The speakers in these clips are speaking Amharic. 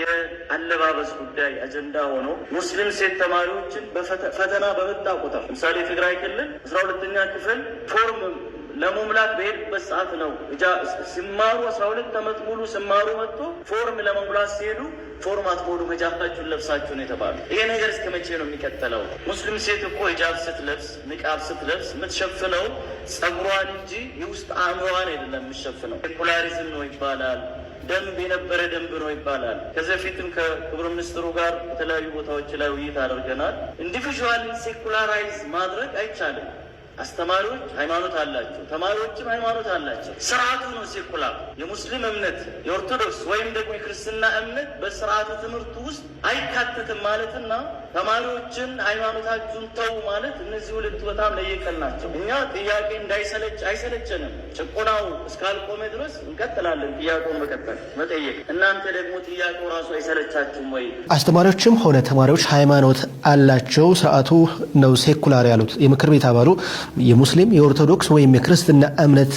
የአለባበስ ጉዳይ አጀንዳ ሆኖ ሙስሊም ሴት ተማሪዎችን ፈተና በመጣ ቁጥር ለምሳሌ ትግራይ ክልል አስራ ሁለተኛ ክፍል ፎርም ለመሙላት በሄድበት ሰዓት ነው ሲማሩ አስራ ሁለት ዓመት ሙሉ ሲማሩ መጥቶ ፎርም ለመሙላት ሲሄዱ ፎርም አትሞሉ ሂጃባችሁን ለብሳችሁ ነው የተባሉ። ይሄ ነገር እስከ መቼ ነው የሚቀጥለው? ሙስሊም ሴት እኮ ሂጃብ ስትለብስ ንቃብ ስትለብስ የምትሸፍነው ጸጉሯን እንጂ የውስጥ አእምሯን አይደለም የምትሸፍነው። ሴኩላሪዝም ነው ይባላል። ደንብ የነበረ ደንብ ነው ይባላል። ከዚህ በፊትም ከክብር ሚኒስትሩ ጋር በተለያዩ ቦታዎች ላይ ውይይት አድርገናል። ኢንዲቪዥዋል ሴኩላራይዝ ማድረግ አይቻልም። አስተማሪዎች ሃይማኖት አላቸው፣ ተማሪዎችም ሃይማኖት አላቸው። ስርዓቱ ነው ሴኩላር። የሙስሊም እምነት የኦርቶዶክስ ወይም ደግሞ የክርስትና እምነት በስርዓተ ትምህርቱ ውስጥ አይካተትም ማለትና ተማሪዎችን ሃይማኖታችሁን ተው ማለት እነዚህ ሁለት በጣም ለየቀል ናቸው። እኛ ጥያቄ እንዳይሰለች አይሰለችንም። ጭቆናው እስካልቆመ ድረስ እንቀጥላለን ጥያቄውን መቀጠል መጠየቅ። እናንተ ደግሞ ጥያቄው ራሱ አይሰለቻችሁም ወይ? አስተማሪዎችም ሆነ ተማሪዎች ሃይማኖት አላቸው። ስርዓቱ ነው ሴኩላር ያሉት የምክር ቤት አባሉ የሙስሊም የኦርቶዶክስ ወይም የክርስትና እምነት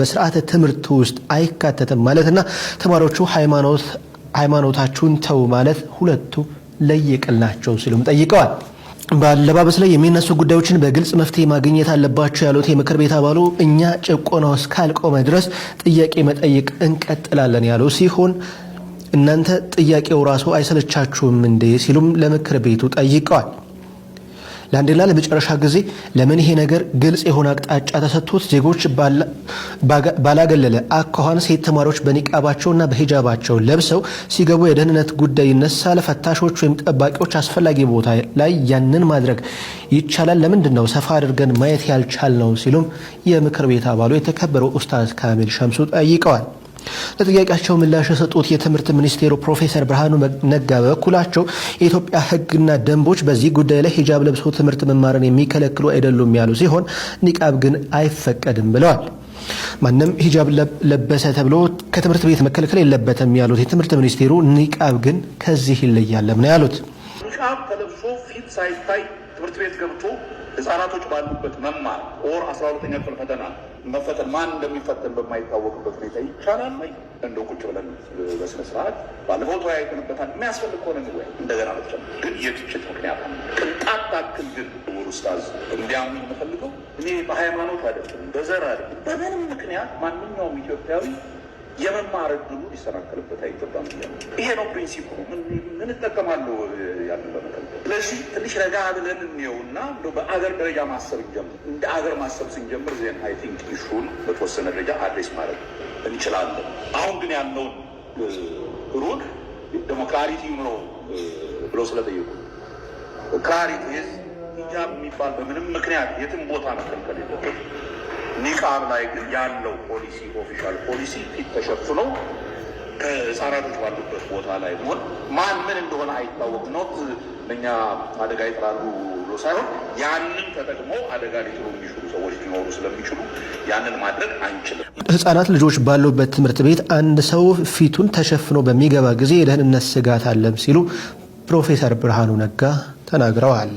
በስርዓተ ትምህርት ውስጥ አይካተትም ማለትና ተማሪዎቹ ሃይማኖታችሁን ተው ማለት ሁለቱ ለይቅላቸው ሲሉም ጠይቀዋል። በአለባበስ ላይ የሚነሱ ጉዳዮችን በግልጽ መፍትሄ ማግኘት አለባቸው ያሉት የምክር ቤት አባሉ እኛ ጭቆና እስካልቆመ ድረስ ጥያቄ መጠየቅ እንቀጥላለን ያሉ ሲሆን እናንተ ጥያቄው ራሱ አይሰለቻችሁም እንዴ ሲሉም ለምክር ቤቱ ጠይቀዋል። ለአንዴና ለመጨረሻ ጊዜ ለምን ይሄ ነገር ግልጽ የሆነ አቅጣጫ ተሰጥቶት ዜጎች ባላገለለ አኳኋን ሴት ተማሪዎች በኒቃባቸውና በሂጃባቸው ለብሰው ሲገቡ የደህንነት ጉዳይ ይነሳል? ፈታሾች ወይም ጠባቂዎች አስፈላጊ ቦታ ላይ ያንን ማድረግ ይቻላል? ለምንድን ነው ሰፋ አድርገን ማየት ያልቻል ነው? ሲሉም የምክር ቤት አባሉ የተከበረው ኡስታዝ ካሚል ሸምሱ ጠይቀዋል። ለጥያቄያቸው ምላሽ የሰጡት የትምህርት ሚኒስቴሩ ፕሮፌሰር ብርሃኑ ነጋ በበኩላቸው የኢትዮጵያ ሕግና ደንቦች በዚህ ጉዳይ ላይ ሂጃብ ለብሶ ትምህርት መማርን የሚከለክሉ አይደሉም ያሉ ሲሆን ኒቃብ ግን አይፈቀድም ብለዋል። ማንም ሂጃብ ለበሰ ተብሎ ከትምህርት ቤት መከልከል የለበትም ያሉት የትምህርት ሚኒስቴሩ ኒቃብ ግን ከዚህ ይለያለም ነው ያሉት። ኒቃብ ተለብሶ ፊት ሳይታይ ትምህርት ቤት ገብቶ ህጻናቶች ባሉበት መማር ኦር 12ኛ ክፍል ፈተና መፈተን ማን እንደሚፈተን በማይታወቅበት ሁኔታ ይቻላል ወይ? እንደው ቁጭ ብለን በስነ ስርዓት ባለፈው ተወያይተንበታል። የሚያስፈልግ ከሆነ ንወያ እንደገና መጥጨ ግን የትችት ምክንያት ቅንጣት ግን ውር ውስጣዝ እንዲያምኑ የምፈልገው እኔ በሃይማኖት አይደለም በዘር አይደለም በምንም ምክንያት ማንኛውም ኢትዮጵያዊ የመማር እድሉ ሊሰናከልበት አይገባም ይሄ ነው ፕሪንሲፕሉ። ምን እጠቀማለሁ ያንን በመከልከል። ስለዚህ ትንሽ ረጋ ብለን እንየው እና በአገር ደረጃ ማሰብ እንጀምር። እንደ አገር ማሰብ ስንጀምር ዜን አይ ቲንክ ኢሹን በተወሰነ ደረጃ አድሬስ ማድረግ እንችላለን። አሁን ግን ያለውን ሩል ዴሞክራሪቲ ክላሪቲ ነው ብለው ስለጠየቁ ክላሪቲ ሂጃብ የሚባል በምንም ምክንያት የትም ቦታ መከልከል የለበት ኒቃብ ላይ ግን ያለው ፖሊሲ ኦፊሻል ፖሊሲ ፊት ተሸፍነው ከህፃናቶች ባሉበት ቦታ ላይ መሆን ማን ምን እንደሆነ አይታወቅ ኖት እኛ አደጋ ይጥራሉ ብሎ ሳይሆን ያንን ተጠቅሞ አደጋ ሊጥሉ የሚችሉ ሰዎች ሊኖሩ ስለሚችሉ ያንን ማድረግ አንችልም። ህጻናት ልጆች ባሉበት ትምህርት ቤት አንድ ሰው ፊቱን ተሸፍኖ በሚገባ ጊዜ የደህንነት ስጋት አለም ሲሉ ፕሮፌሰር ብርሃኑ ነጋ ተናግረዋል።